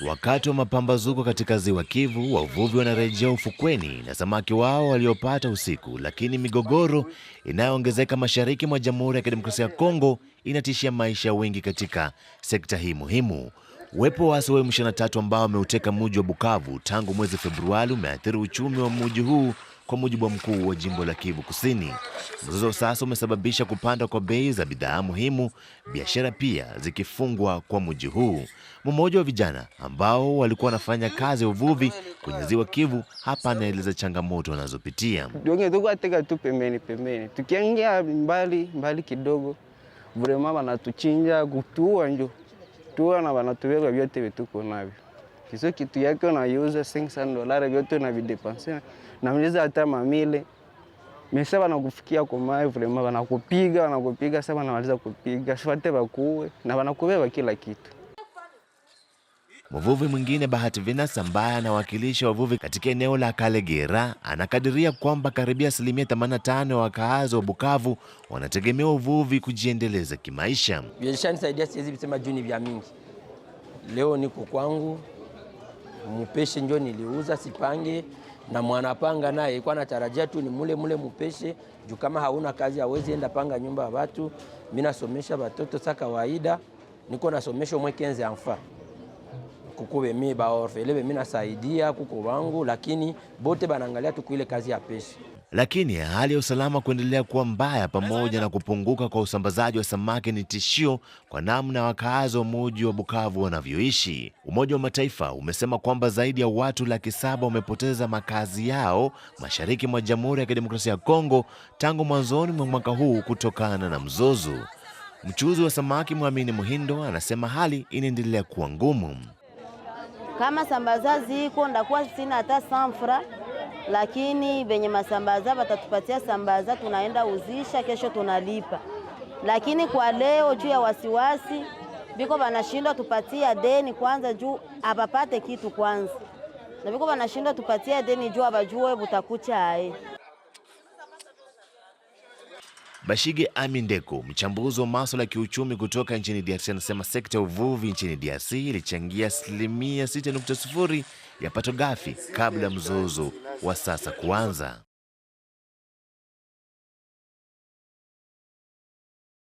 Wakati wa mapambazuko katika ziwa Kivu, wavuvi wanarejea ufukweni na samaki wao waliopata usiku, lakini migogoro inayoongezeka mashariki mwa Jamhuri ya Kidemokrasia ya Kongo inatishia maisha wengi katika sekta hii muhimu. Uwepo wa M23 ambao wameuteka mji wa Bukavu tangu mwezi Februari umeathiri uchumi wa mji huu kwa mujibu wa mkuu wa jimbo la Kivu Kusini. Mzozo sasa umesababisha kupanda kwa bei za bidhaa muhimu, biashara pia zikifungwa kwa mji huu. Mmoja wa vijana ambao walikuwa wanafanya kazi ya uvuvi kwenye ziwa Kivu hapa anaeleza changamoto wanazopitia. Wengine tu pembeni pembeni, tukiangia mbali mbali kidogo, vurema wanatuchinja kutua njo tua na wanatuweka vyote vituko navyo Kiso kitu yake unaiuza 500 dola vyote na videpanse na mjeza hata mamile. Mesa wanakufikia kwa mawe vile mama wanakupiga wanakupiga sasa wanawaliza kupiga. Shwate bakuwe na wanakubeba kila kitu. Mvuvi mwingine Bahati Venus ambaye anawakilisha wavuvi katika eneo la Kalegera anakadiria kwamba karibia asilimia 85 ya wakaazi wa Bukavu wanategemea uvuvi kujiendeleza kimaisha. Biashara nisaidia, siwezi kusema juu ni vya mingi. Leo niko kwangu Mupeshe njo niliuza sipange, na mwanapanga naye ilikuwa anatarajia tu ni mule mule mupeshe, juu kama hauna kazi hawezi enda panga nyumba ya watu. Mimi nasomesha watoto sa kawaida, niko nasomesha mwe kenze amfa kukube mi baorfe lebe, mimi nasaidia kuko wangu, lakini bote banaangalia tu kuile kazi ya peshe. Lakini hali ya usalama kuendelea kuwa mbaya pamoja na kupunguka kwa usambazaji wa samaki ni tishio kwa namna wakaazi wa muji wa Bukavu wanavyoishi. Umoja wa Mataifa umesema kwamba zaidi ya watu laki saba wamepoteza makazi yao mashariki mwa Jamhuri ya Kidemokrasia ya Kongo tangu mwanzoni mwa mwaka huu kutokana na mzozo. Mchuuzi wa samaki Mwamini Muhindo anasema hali inaendelea kuwa ngumu. Kama sambazazi iko ndakuwa sina hata samfra lakini venye masambaza watatupatia sambaza, tunaenda uzisha kesho tunalipa. Lakini kwa leo juu ya wasiwasi viko wanashindwa tupatia deni kwanza, juu apapate kitu kwanza, na viko wanashindwa tupatia deni juu abajue butakucha ae Bashige Amindeko, mchambuzi wa maswala ya kiuchumi kutoka nchini DRC, anasema sekta ya uvuvi nchini DRC ilichangia asilimia 6.0 ya pato ghafi kabla ya mzozo wa sasa kuanza.